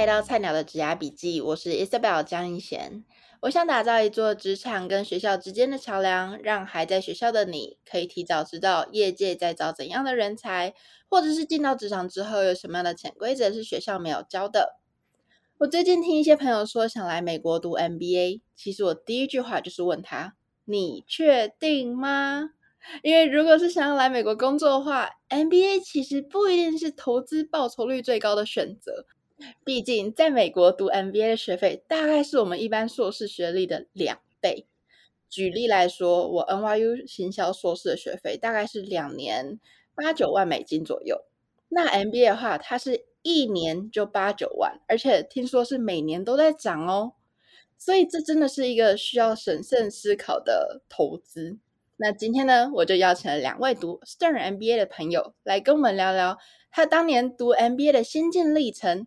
來到菜鳥的職涯筆記，我是 Isabel 江一賢。我想打造一座職場跟學校之間的橋梁，讓還在學校的你可以提早知道業界在找怎樣的人才，或者是進到職場之後有什麼樣的潛規則是學校沒有教的。我最近聽一些朋友說想來美國讀 MBA，其實我第一句話就是問他：你確定嗎？因為如果是想要來美國工作的話，MBA 其實不一定是投資報酬率最高的選擇。畢竟，在美國讀 MBA 的學費大概是我們一般碩士學歷的兩倍。舉例來說，我 NYU 行銷碩士的學費大概是兩年八九萬美金左右。那 MBA 的話，它是一年就八九萬，而且聽說是每年都在漲哦。所以這真的是一個需要審慎思考的投資。那今天呢，我就邀請了兩位讀 Stern MBA 的朋友來跟我們聊聊他當年讀 MBA 的心境歷程。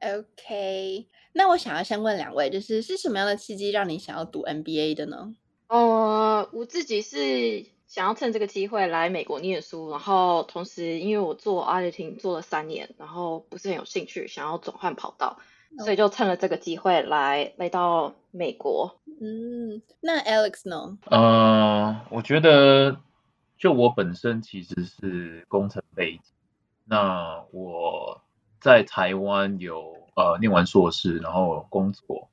OK，那我想要先問兩位，就是是什麼樣的契機讓你想要讀 MBA 的呢？哦，uh, 我自己是想要趁這個機會來美國念書，然後同時因為我做 auditing 做、做了三年，然後不是很有興趣，想要轉換跑道，oh. 所以就趁了這個機會來、來到美國。嗯，mm. 那 Alex 呢？呃，uh, 我覺得就我本身其實是工程背景，那我。在台灣有呃念完碩士，然後工作。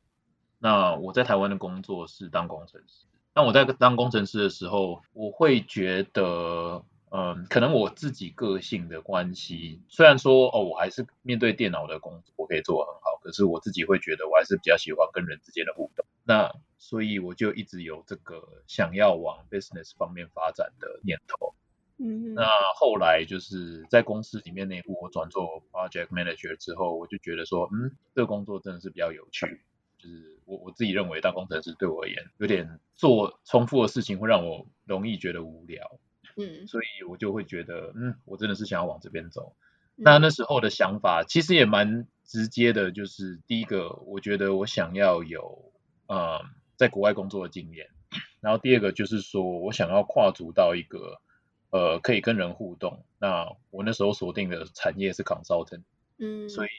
那我在台灣的工作是當工程師，那我在當工程師的時候，我會覺得，嗯、呃，可能我自己個性的關係，雖然說哦，我還是面對電腦的工作我可以做的很好，可是我自己會覺得我還是比較喜歡跟人之間的互動。那所以我就一直有這個想要往 business 方面發展的念頭。 那後來就是在公司裡面內部，我轉做 project manager 之後，我就覺得說，嗯，這個工作真的是比較有趣。就是我我自己認為，當工程師對我而言有點做重複的事情會讓我容易覺得無聊。嗯，所以我就會覺得，嗯，我真的是想要往這邊走。嗯、那那時候的想法其實也蠻直接的，就是第一個，我覺得我想要有、呃、在國外工作的經驗。然後第二個就是說我想要跨足到一個。呃，可以跟人互動。那我那時候鎖定的產業是 consultant，嗯，所以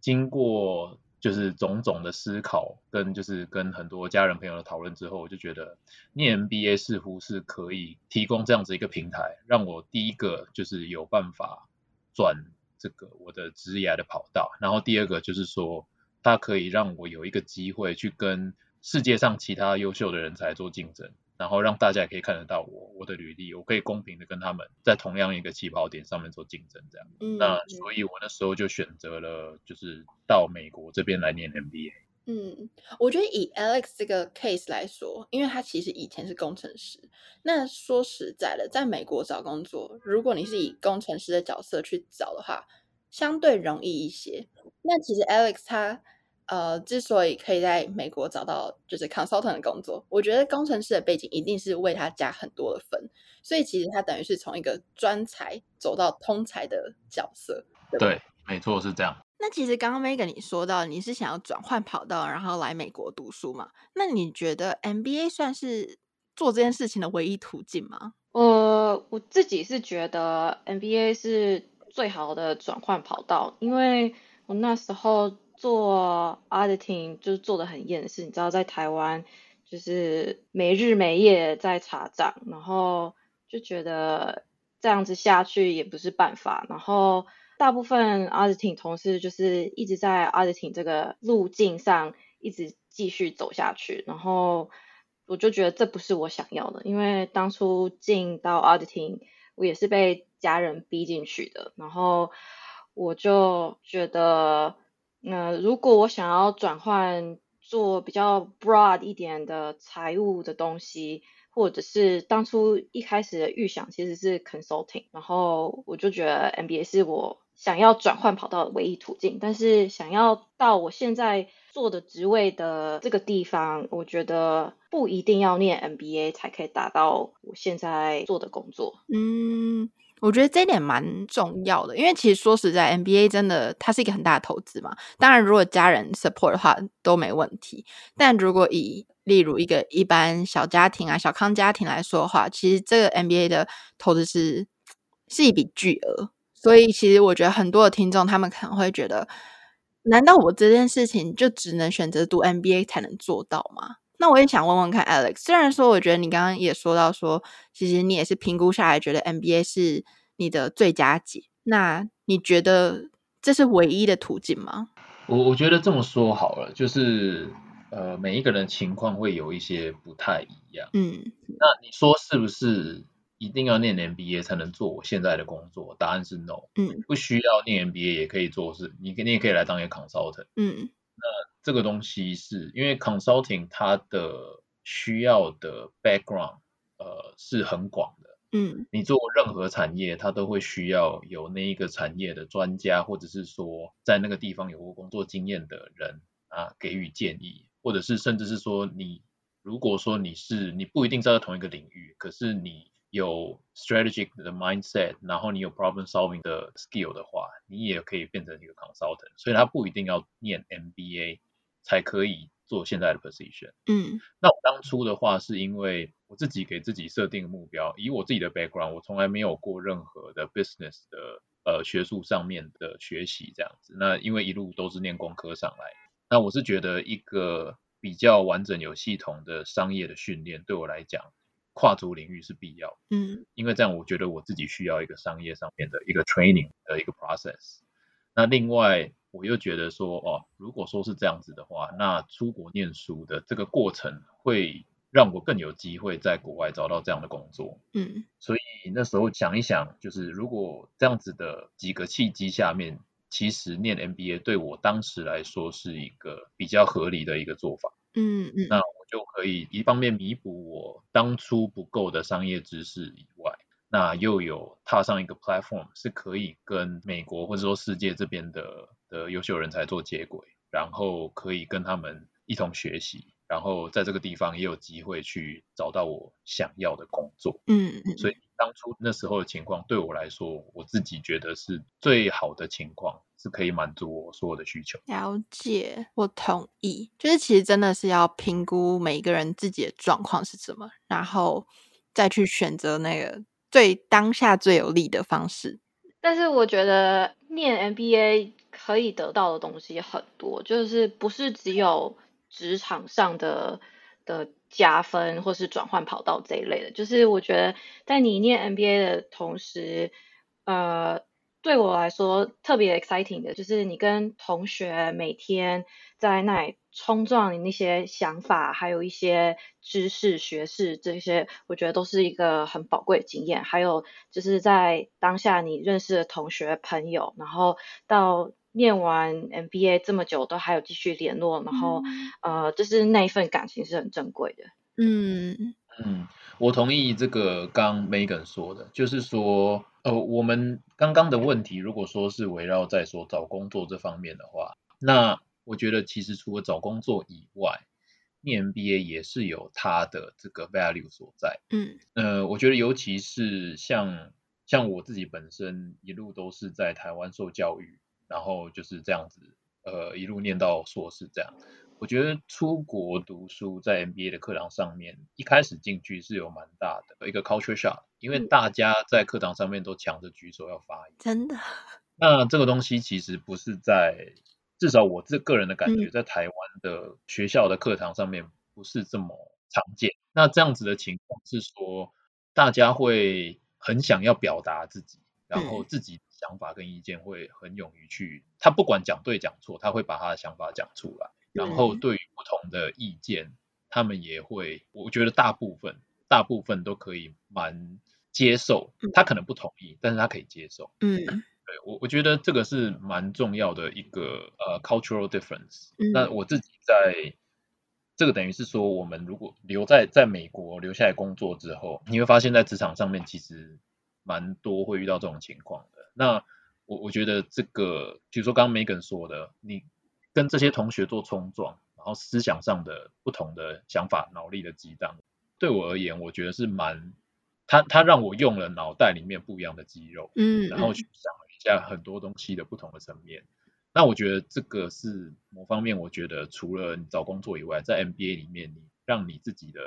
經過就是種種的思考，跟就是跟很多家人朋友的討論之後，我就覺得念 MBA 似乎是可以提供這樣子一個平台，讓我第一個就是有辦法轉這個我的職業的跑道，然後第二個就是說它可以讓我有一個機會去跟世界上其他優秀的人才做競爭。然後讓大家也可以看得到我我的履歷，我可以公平的跟他們在同樣一個起跑點上面做競爭這樣。嗯、那所以我那時候就選擇了就是到美國這邊來念 MBA。嗯，我覺得以 Alex 這個 case 來說，因為他其實以前是工程師，那說實在的，在美國找工作，如果你是以工程師的角色去找的話，相對容易一些。那其實 Alex 他。呃，之所以可以在美國找到就是 consultant 的工作，我覺得工程師的背景一定是為他加很多的分，所以其實他等於是從一個專才走到通才的角色。對，對，沒錯是這樣。那其實剛剛 Megan 你說到你是想要轉換跑道，然後來美國讀書嘛？那你覺得 MBA 算是做這件事情的唯一途徑嗎？我、呃、我自己是覺得 MBA 是最好的轉換跑道，因為我那時候。做 auditing 就是做的很厭世，你知道在台灣就是沒日沒夜在查賬，然後就覺得這樣子下去也不是辦法。然後大部分 auditing 同事就是一直在 auditing 這個路徑上一直繼續走下去，然後我就覺得這不是我想要的，因為當初進到 auditing 我也是被家人逼進去的，然後我就覺得。那如果我想要轉換做比較 broad 一點的財務的東西，或者是當初一開始的預想其實是 consulting，然後我就覺得 MBA 是我想要轉換跑道的唯一途徑。但是想要到我現在做的職位的這個地方，我覺得不一定要念 MBA 才可以達到我現在做的工作。嗯。我覺得這一點蠻重要的，因為其實說實在 MBA 真的它是一個很大的投資嘛。當然，如果家人 support 的話都沒問題，但如果以例如一個一般小家庭啊、小康家庭來說的話，其實這個 MBA 的投資是是一筆巨額。所以，其實我覺得很多的聽眾他們可能會覺得，難道我這件事情就只能選擇讀 MBA 才能做到嗎？那我也想問問看 Alex，雖然說我覺得你剛剛也說到說，其實你也是評估下來覺得 MBA 是你的最佳解，那你覺得這是唯一的途徑嗎？我我覺得這麼說好了，就是呃，每一個人情況會有一些不太一樣。嗯。那你說是不是一定要念 MBA 才能做我現在的工作？答案是 no。嗯。不需要念 MBA 也可以做事，你你也可以來當一個 consultant。嗯。那。這個東西是因為 consulting 它的需要的 background 呃是很廣的，嗯，你做任何產業，它都會需要有那一個產業的專家，或者是說在那個地方有過工作經驗的人啊給予建議，或者是甚至是說你如果說你是你不一定在同一個領域，可是你有 strategic 的 mindset，然後你有 problem solving 的 skill 的話，你也可以變成一個 consultant，所以它不一定要念 MBA。才可以做現在的 position。嗯，那我當初的話是因為我自己給自己設定目標，以我自己的 background，我從來沒有過任何的 business 的呃學術上面的學習這樣子。那因為一路都是念工科上來，那我是覺得一個比較完整有系統的商業的訓練，對我來講跨足領域是必要。嗯，因為這樣我覺得我自己需要一個商業上面的一個 training 的一個 process。那另外，我又覺得說，哦，如果說是這樣子的話，那出國念書的這個過程會讓我更有機會在國外找到這樣的工作。嗯，所以那時候想一想，就是如果這樣子的幾個契機下面，其實念 MBA 對我當時來說是一個比較合理的一個做法。嗯嗯，嗯，那我就可以一方面彌補我當初不夠的商業知識以外。那又有踏上一個 platform，是可以跟美國或者說世界這邊的的優秀人才做接軌，然後可以跟他們一同學習，然後在這個地方也有機會去找到我想要的工作。嗯，所以當初那時候的情況對我來說，我自己覺得是最好的情況，是可以滿足我所有的需求。了解，我同意。就是其實真的是要評估每一個人自己的狀況是什麼，然後再去選擇那個。最當下最有利的方式，但是我覺得念 MBA 可以得到的東西很多，就是不是只有職場上的的加分或是轉換跑道這一類的，就是我覺得在你念 MBA 的同時，呃。對我來說特別 exciting 的就是你跟同學每天在那裡衝撞你那些想法，還有一些知識學識這些，我覺得都是一個很寶貴的經驗。還有就是在當下你認識的同學朋友，然後到念完 MBA 這麼久都還有繼續聯絡，然後、嗯、呃，就是那一份感情是很珍貴的。嗯嗯，我同意這個剛 Megan 說的，就是說。呃，我們剛剛的問題，如果說是圍繞在說找工作這方面的話，那我覺得其實除了找工作以外，念 MBA 也是有它的這個 value 所在。嗯，呃，我覺得尤其是像像我自己本身一路都是在台灣受教育，然後就是這樣子，呃，一路念到碩士這樣。我覺得出國讀書在 MBA 的課堂上面，一開始進去是有蠻大的一個 culture shock，因為大家在課堂上面都搶着舉手要發言。真的？那這個東西其實不是在，至少我這個人的感覺，在台灣的學校的課堂上面不是這麼常見。嗯、那這樣子的情況是說，大家會很想要表達自己，然後自己的想法跟意見會很勇於去，嗯、他不管講對講錯，他會把他的想法講出來。然後對於不同的意見，嗯、他們也會，我覺得大部分大部分都可以蠻接受。他可能不同意，但是他可以接受。嗯，對我我覺得這個是蠻重要的一個呃 cultural difference、嗯。那我自己在，這個等於是說，我們如果留在在美國留下來工作之後，你會發現在職場上面其實蠻多會遇到這種情況的。那我我覺得這個，比如說剛 Megan 說的，你跟這些同學做衝撞，然後思想上的不同的想法，腦力的激盪，對我而言，我覺得是蠻，他他讓我用了腦袋裡面不一樣的肌肉，嗯，嗯，然後去想一下很多東西的不同的層面。那我覺得這個是某方面，我覺得除了你找工作以外，在 MBA 裡面，你讓你自己的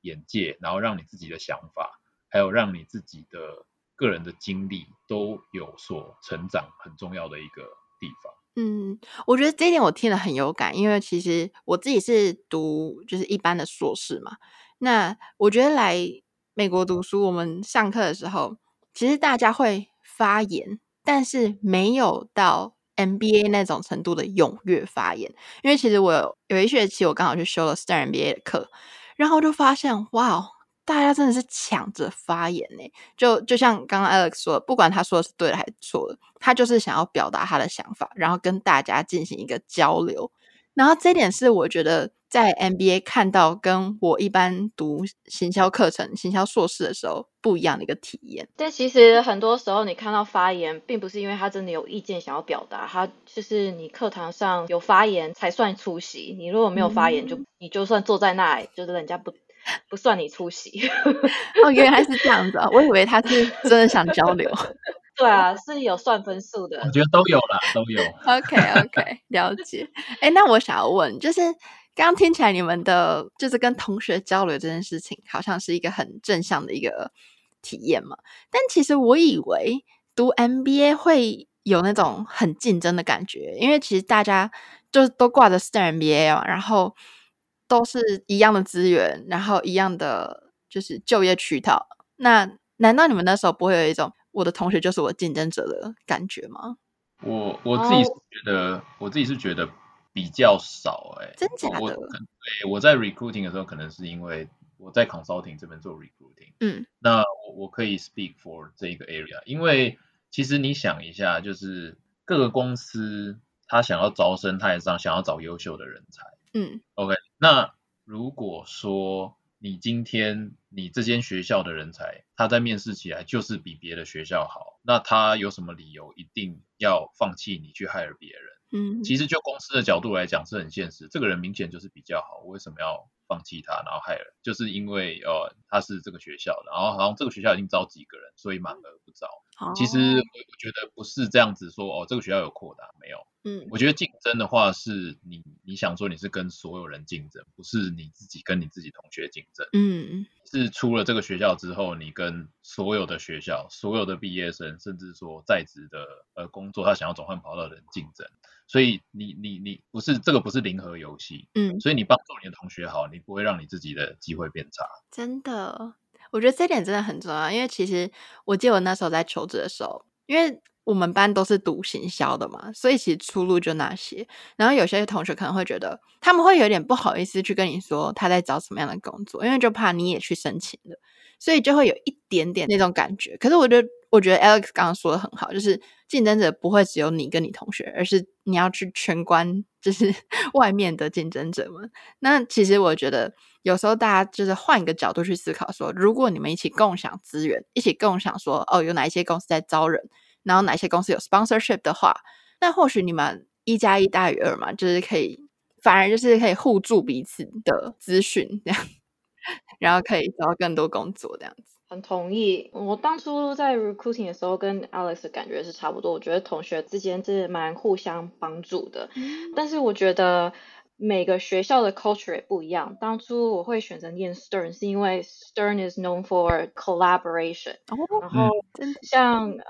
眼界，然後讓你自己的想法，還有讓你自己的個人的經歷都有所成長，很重要的一個地方。嗯，我覺得這一點我聽了很有感，因為其實我自己是讀就是一般的碩士嘛。那我覺得來美國讀書，我們上課的時候其實大家會發言，但是沒有到 MBA 那種程度的踴躍發言。因為其實我有一學期我剛好去修了 Stern MBA 的課，然後就發現哇哦大家真的是搶着發言耶，就就像剛剛 Alex 說的，不管他說的是對的還是錯的，他就是想要表達他的想法，然後跟大家進行一個交流。然後這點是我覺得在 MBA 看到跟我一般讀行銷課程、行銷碩士的時候不一樣的一個體驗。但其實很多時候你看到發言，並不是因為他真的有意見想要表達，他就是你課堂上有發言才算出席。你如果沒有發言就，就、嗯、你就算坐在那裡，就是人家不。不算你出席 哦，原來是這樣子啊！哦，我以為他是真的想交流。 對啊，是有算分數的。我覺得都有了，都有。 OK OK，了解。哎、欸，那我想要問，就是剛剛聽起來你們的，就是跟同學交流這件事情，好像是一個很正向的一個體驗嘛？但其實我以為讀 MBA 會有那種很競爭的感覺，因為其實大家就都掛着 Stern MBA 嘛，然後。都是一樣的資源，然後一樣的就是就業渠道。那難道你們那時候不會有一種我的同學就是我的競爭者的感覺嗎？我我自己是覺得，oh. 我自己是覺得比較少哎、欸，真假的？哎，我在 recruiting 的時候，可能是因為我在 consulting 這邊做 recruiting，嗯，那我我可以 speak for 這一個 area，因為其實你想一下，就是各個公司他想要招生，他也想想要找優秀的人才。嗯，OK，那如果說你今天你這間學校的人才，他在面試起來就是比別的學校好，那他有什麼理由一定要放棄你去 hire 別人？嗯，嗯，其實就公司的角度來講是很現實，這個人明顯就是比較好，為什麼要？放棄他，然後害人，就是因為呃，他是這個學校，然後好像這個學校已經招幾個人，所以滿額不招。哦、其實我覺得不是這樣子說，哦，這個學校有擴大沒有？嗯，我覺得競爭的話是你你想說你是跟所有人競爭，不是你自己跟你自己同學競爭。嗯，是出了這個學校之後，你跟所有的學校，所有的畢業生，甚至說在職的呃工作，他想要轉換跑道的人競爭。所以你你你不是這個不是零和遊戲，嗯，所以你幫助你的同學好，你不會讓你自己的機會變差。真的，我覺得這一點真的很重要，因為其實我記得我那時候在求職的時候，因為我們班都是讀行銷的嘛，所以其實出路就那些。然後有些同學可能會覺得，他們會有點不好意思去跟你說他在找什麼樣的工作，因為就怕你也去申請了，所以就會有一點點那種感覺。可是我覺得。我覺得 Alex 剛剛說的很好，就是競爭者不會只有你跟你同學，而是你要去全觀，就是外面的競爭者們。那其實我覺得有時候大家就是換一個角度去思考說，說如果你們一起共享資源，一起共享說哦，有哪一些公司在招人，然後哪些公司有 sponsorship 的話，那或許你們一加一大於二嘛，就是可以反而就是可以互助彼此的資訊，這樣，然後可以找到更多工作這樣子。很同意。我當初在 recruiting 的時候跟 Alex 的感覺是差不多。我覺得同學之間是蠻互相幫助的。嗯、但是我覺得每個學校的 culture 也不一樣。當初我會選擇念 Stern 是因為 Stern is known for collaboration、哦。然後像嗯，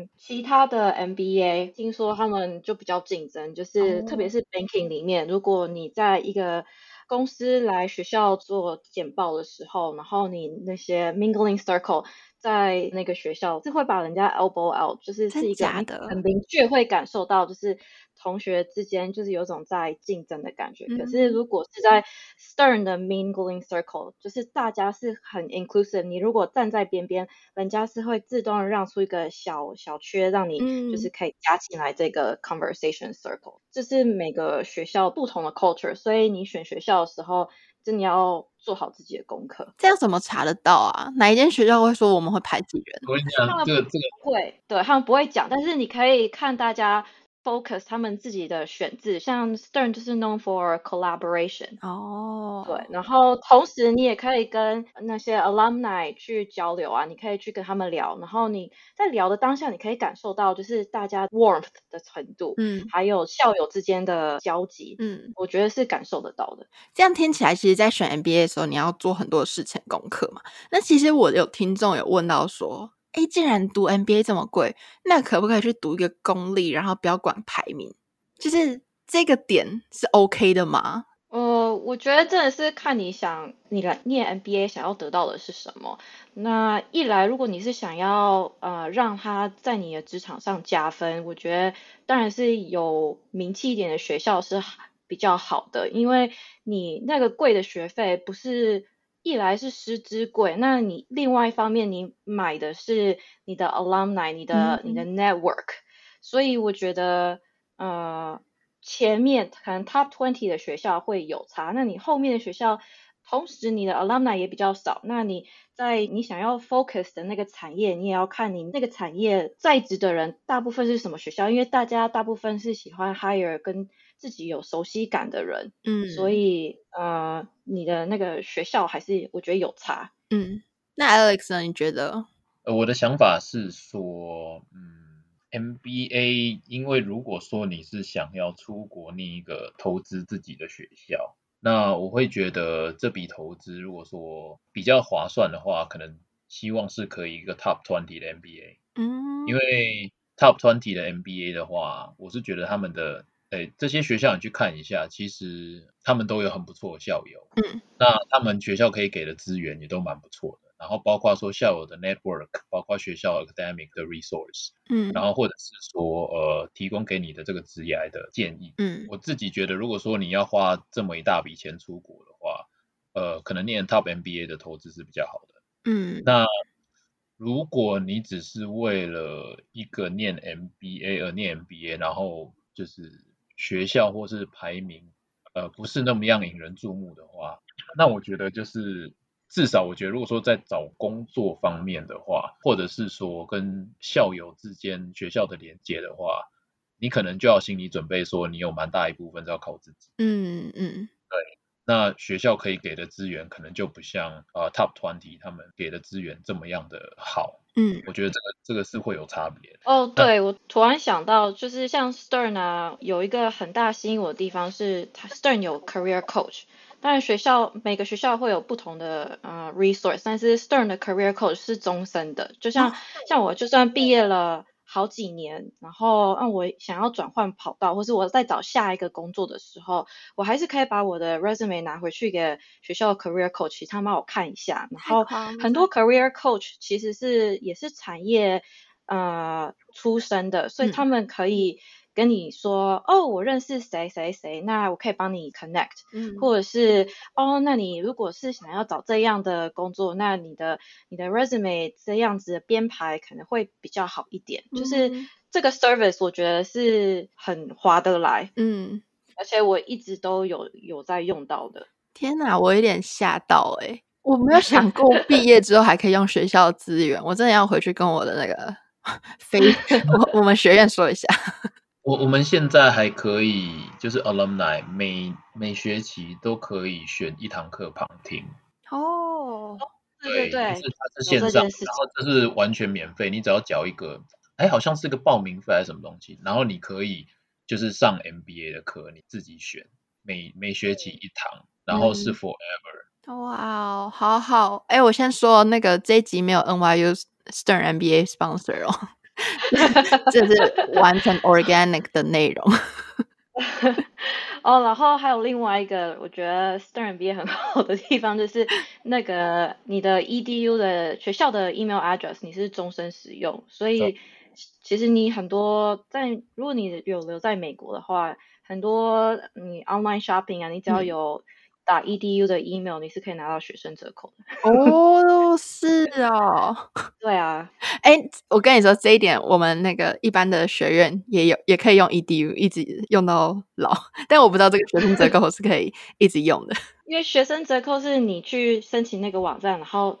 嗯其他的 MBA，聽說他們就比較競爭，就是、哦、特別是 banking 裡面，如果你在一個公司來學校做簡報的時候，然後你那些 mingling circle 在那個學校是會把人家 elbow out，就是是一個很明確會感受到，就是。同學之間就是有種在競爭的感覺，嗯、可是如果是在 Stern 的 mingling circle，嗯、就是大家是很 inclusive，你如果站在邊邊，人家是會自動讓出一個小小缺，讓你就是可以加進來這個 conversation circle。這、嗯、是每個學校不同的 culture，所以你選學校的時候，真、就、的、是、要做好自己的功課。這樣怎麼查得到啊？哪一間學校會說我們會排擠人？我跟你講，這個會，對，對，對他們不會講，但是你可以看大家。Focus 他們自己的選自，像 Stern 就是 known for collaboration 哦，對，然後同時你也可以跟那些 alumni 去交流啊，你可以去跟他們聊，然後你在聊的當下，你可以感受到就是大家 warmth 的程度，嗯，還有校友之間的交集，嗯，我覺得是感受得到的。這樣聽起來，其實在選 MBA 的時候，你要做很多事前功課嘛。那其實我有聽眾有問到說。哎，既然讀 MBA 這麼貴，那可不可以去讀一個公立，然後不要管排名？就是這個點是 OK 的嗎？呃，我覺得真的是看你想，你來念 MBA 想要得到的是什麼。那一來，如果你是想要，呃，讓他在你的職場上加分，我覺得當然是有名氣一點的學校是比較好的，因為你那個貴的學費不是。一來是師資貴，那你另外一方面，你買的是你的 alumni，你的你的 network，Mm-hmm. 所以我覺得呃，前面可能 top twenty 的學校會有差，那你後面的學校，同時你的 alumni 也比較少，那你在你想要 focus 的那個產業，你也要看你那個產業在職的人大部分是什麼學校，因為大家大部分是喜歡 hire 跟自己有熟悉感的人，嗯，所以呃，你的那個學校還是我覺得有差，嗯。那 Alex 呢？你覺得？呃，我的想法是說，嗯，MBA，因為如果說你是想要出國另一個投資自己的學校，那我會覺得這筆投資如果說比較划算的話，可能希望是可以一個 Top Twenty 的 MBA，嗯，因為 Top Twenty 的 MBA 的話，我是覺得他們的。哎，這些學校你去看一下，其實他們都有很不錯的校友。嗯。那他們學校可以給的資源也都蠻不錯的，然後包括說校友的 network，包括學校 academic 的 resource。嗯。然後或者是說呃，提供給你的這個職業的建議。嗯。我自己覺得，如果說你要花這麼一大筆錢出國的話，呃，可能念 top MBA 的投資是比較好的。嗯。那如果你只是為了一個念 MBA 而念 MBA，然後就是。學校或是排名，呃，不是那麼樣引人注目的話，那我覺得就是至少我覺得，如果說在找工作方面的話，或者是說跟校友之間學校的連接的話，你可能就要心理準備說，你有蠻大一部分要靠自己。嗯嗯。嗯對，那學校可以給的資源可能就不像呃 Top 20他們給的資源這麼樣的好。嗯， 我覺得這個這個是會有差別。哦，oh，對，嗯、我突然想到，就是像 Stern 啊，有一個很大吸引我的地方是，他 Stern 有 career coach。當然，學校每個學校會有不同的呃 resource，但是 Stern 的 career coach 是終身的。就像，oh。像我，就算畢業了，好幾年，然後讓、嗯、我想要轉換跑道，或是我再找下一個工作的時候，我還是可以把我的 resume 拿回去給學校的 career coach，他幫我看一下。然後很多 career coach 其實是也是產業、呃、出身的，所以他們可以。嗯跟你說哦，我認識誰誰誰，那我可以幫你 connect，嗯，或者是哦，那你如果是想要找這樣的工作，那你的你的 resume 這樣子的編排可能會比較好一點。嗯、就是這個 service 我覺得是很划得來，嗯，而且我一直都有有在用到的。天哪，我有點嚇到哎、欸！我沒有想過畢業之後還可以用學校資源， 我真的要回去跟我的那個非 我我們學院說一下。 我我們現在還可以，就是 alumni 每每學期都可以選一堂課旁聽。哦、oh, 對，對，對對，是它是線上，然後這是完全免費，你只要繳一個，哎、欸，好像是個報名費還是什麼東西，然後你可以就是上 MBA 的課，你自己選，每每學期一堂，然後是 forever。哇、嗯，wow, 好好，哎、欸，我先說那個這一集沒有 NYU Stern MBA sponsor 哦。 這是完成 organic 的內容 哦，然後還有另外一個，我覺得 Stern 畢業很好的地方就是 那個你的 E D U 的學校的 email address 你是終身使用，所以、哦、其實你很多在如果你有留在美國的話，很多你 online shopping 啊，你只要有。嗯打 edu 的 email，你是可以拿到學生折扣的哦，是啊、哦， 對啊，哎、欸，我跟你說這一點，我們那個一般的學院也有，也可以用 edu 一直用到老，但我不知道這個學生折扣是可以一直用的， 因為學生折扣是你去申請那個網站，然後。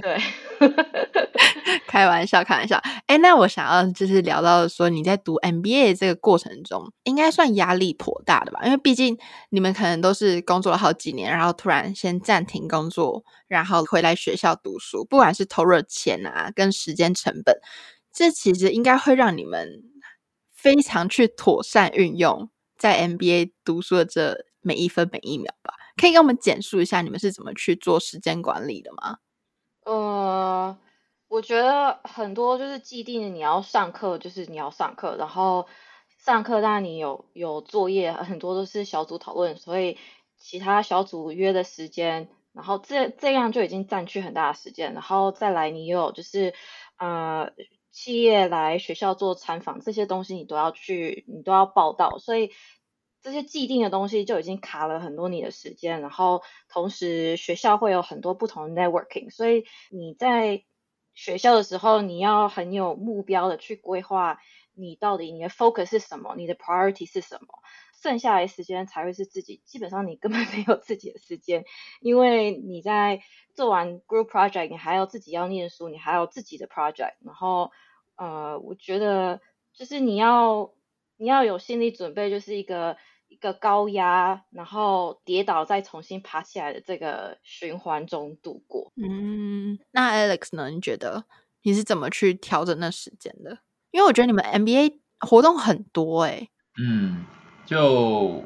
對， 開玩笑，開玩笑。哎，那我想要就是聊到說，你在讀 MBA 這個過程中，應該算壓力頗大的吧？因為畢竟你們可能都是工作了好幾年，然後突然先暫停工作，然後回來學校讀書，不管是投入的錢啊，跟時間成本，這其實應該會讓你們非常去妥善運用在 MBA 讀書的這每一分每一秒吧？可以跟我們簡述一下你們是怎麼去做時間管理的嗎？呃，我覺得很多就是既定你要上課，就是你要上課，然後上課，但你有有作業，很多都是小組討論，所以其他小組約的時間，然後這這樣就已經占去很大的時間，然後再來你有就是呃企業來學校做參訪，這些東西你都要去，你都要報到，所以，這些既定的東西就已經卡了很多你的時間，然後同時學校會有很多不同的 networking，所以你在學校的時候，你要很有目標的去規劃你到底你的 focus 是什麼，你的 priority 是什麼，剩下的時間才會是自己。基本上你根本沒有自己的時間，因為你在做完 group project，你還要自己要念書，你還有自己的 project，然後呃，我覺得就是你要你要有心理準備，就是一個。一個高壓，然後跌倒再重新爬起來的這個循環中度過。嗯，那 Alex 呢？你覺得你是怎麼去調整那時間的？因為我覺得你們 MBA 活動很多哎、欸。嗯，就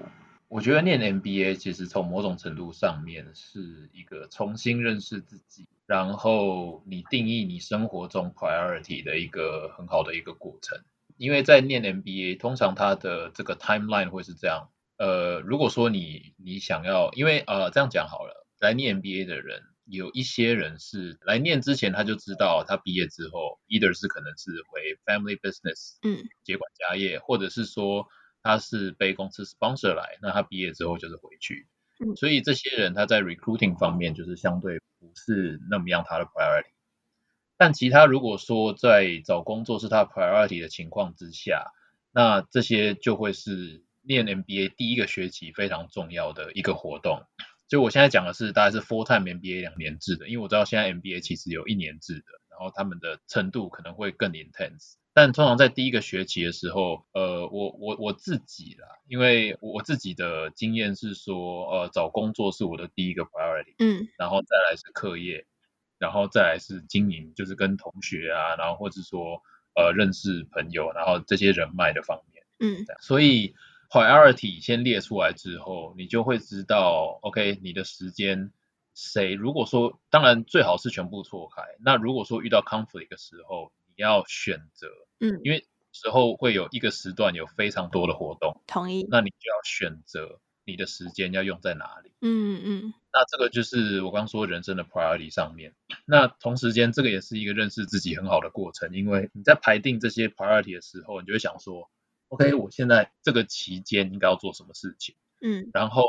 我覺得念 MBA 其實從某種程度上面是一個重新認識自己，然後你定義你生活中 priority 的一個很好的一個過程。因為在念 MBA 通常它的這個 timeline 會是這樣。呃，如果說你你想要，因為呃，這樣講好了，來念 MBA 的人有一些人是來念之前他就知道，他畢業之後，either 是可能是回 family business，嗯，接管家業，或者是說他是被公司 sponsor 來，那他畢業之後就是回去，所以這些人他在 recruiting 方面就是相對不是那麼樣他的 priority，但其他如果說在找工作是他 priority 的情況之下，那這些就會是。練 MBA 第一個學期非常重要的一個活動，就我現在講的是大概是 full time MBA 兩年制的，因為我知道現在 MBA 其實有一年制的，然後他們的程度可能會更 intense，但通常在第一個學期的時候，呃，我我我自己啦，因為我自己的經驗是說，呃，找工作是我的第一個 priority，嗯，然後再來是課業，然後再來是經營，就是跟同學啊，然後或者說呃認識朋友，然後這些人脈的方面，嗯這樣，所以。Priority 先列出來之後，你就會知道，OK，你的時間誰？如果說，當然最好是全部錯開。那如果說遇到 conflict 的時候，你要選擇，嗯，因為時候會有一個時段有非常多的活動，同意。那你就要選擇你的時間要用在哪裡。嗯嗯嗯。嗯嗯那這個就是我剛說人生的 Priority 上面。那同時間，這個也是一個認識自己很好的過程，因為你在排定這些 Priority 的時候，你就會想說。OK，我現在這個期間應該要做什麼事情？嗯，然後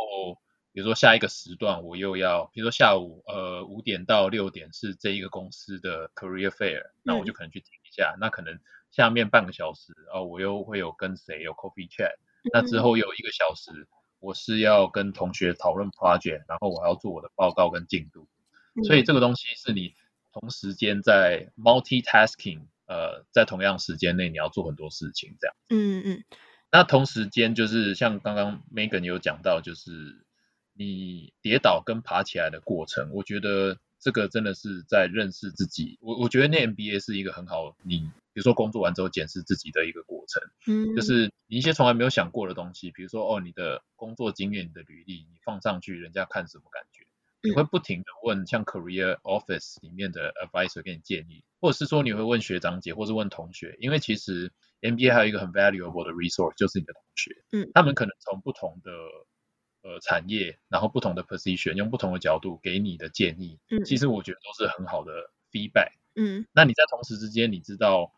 比如說下一個時段我又要，比如說下午呃五點到六點是這一個公司的 career fair、嗯、那我就可能去聽一下。那可能下面半個小時哦，我又會有跟誰有 coffee chat、嗯。那之後有一個小時，我是要跟同學討論 project，然後我還要做我的報告跟進度。嗯、所以這個東西是你同時間在 multitasking。呃，在同樣時間內，你要做很多事情，這樣嗯。嗯嗯，那同時間就是像剛剛 Megan 有講到，就是你跌倒跟爬起來的過程，我覺得這個真的是在認識自己。我我覺得那 MBA 是一個很好你，你比如說工作完之後檢視自己的一個過程。嗯。就是你一些從來沒有想過的東西，比如說哦，你的工作經驗、你的履歷，你放上去人家看什麼感覺？你會不停的問，像 Career Office 裡面的 advisor 給你建議。或者是說你會問學長姐，或是問同學，因為其實 MBA 還有一個很 valuable 的 resource，就是你的同學。嗯，他們可能從不同的呃產業，然後不同的 position，用不同的角度給你的建議，嗯，其實我覺得都是很好的 feedback。嗯，那你在同時之間，你知道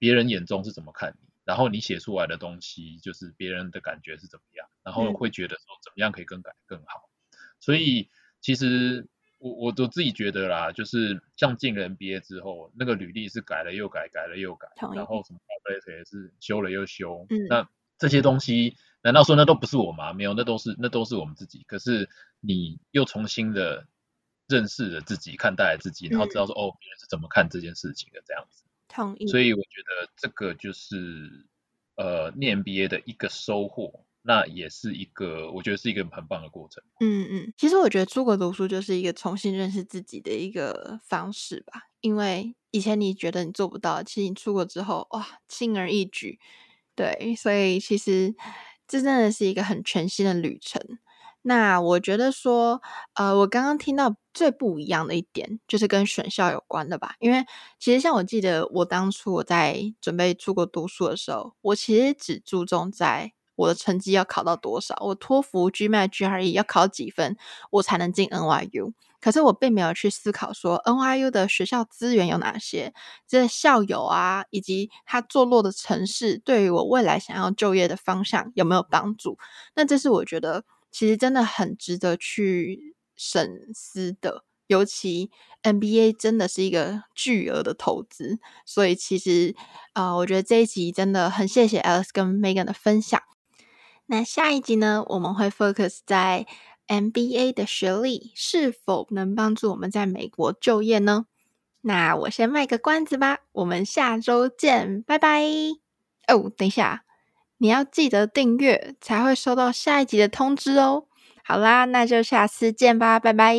別人眼中是怎麼看你，然後你寫出來的東西，就是別人的感覺是怎麼樣，然後會覺得說怎麼樣可以更改更好。嗯，所以其實。我我自己覺得啦，就是像進了 MBA 之後，那個履歷是改了又改，改了又改，同意。然後什麼 w 也是修了又修，嗯、那這些東西難道說那都不是我嗎？沒有，那都是那都是我們自己。可是你又重新的認識了自己，看待了自己，嗯、然後知道說哦，別人是怎麼看這件事情的這樣子。同意。所以我覺得這個就是呃，念 MBA 的一個收穫。那也是一個，我覺得是一個很棒的過程。嗯嗯，其實我覺得出國讀書就是一個重新認識自己的一個方式吧。因為以前你覺得你做不到，其實你出國之後，哇，輕而易舉。對，所以其實這真的是一個很全新的旅程。那我覺得說，呃，我剛剛聽到最不一樣的一點就是跟選校有關的吧。因為其實像我記得，我當初我在準備出國讀書的時候，我其實只注重在，我的成績要考到多少？我托福、GMAT、GRE 要考幾分，我才能進 NYU？可是我並沒有去思考說 NYU 的學校資源有哪些，這、就是、校友啊，以及它坐落的城市，對於我未來想要就業的方向有沒有幫助？那這是我覺得其實真的很值得去深思的。尤其 MBA 真的是一個巨額的投資，所以其實啊、呃，我覺得這一集真的很謝謝 Alex 跟 Megan 的分享。那下一集呢？我們會 focus 在 MBA 的學歷是否能幫助我們在美國就業呢？那我先賣個關子吧。我們下周見，拜拜。哦，等一下，你要記得訂閱才會收到下一集的通知哦。好啦，那就下次見吧，拜拜。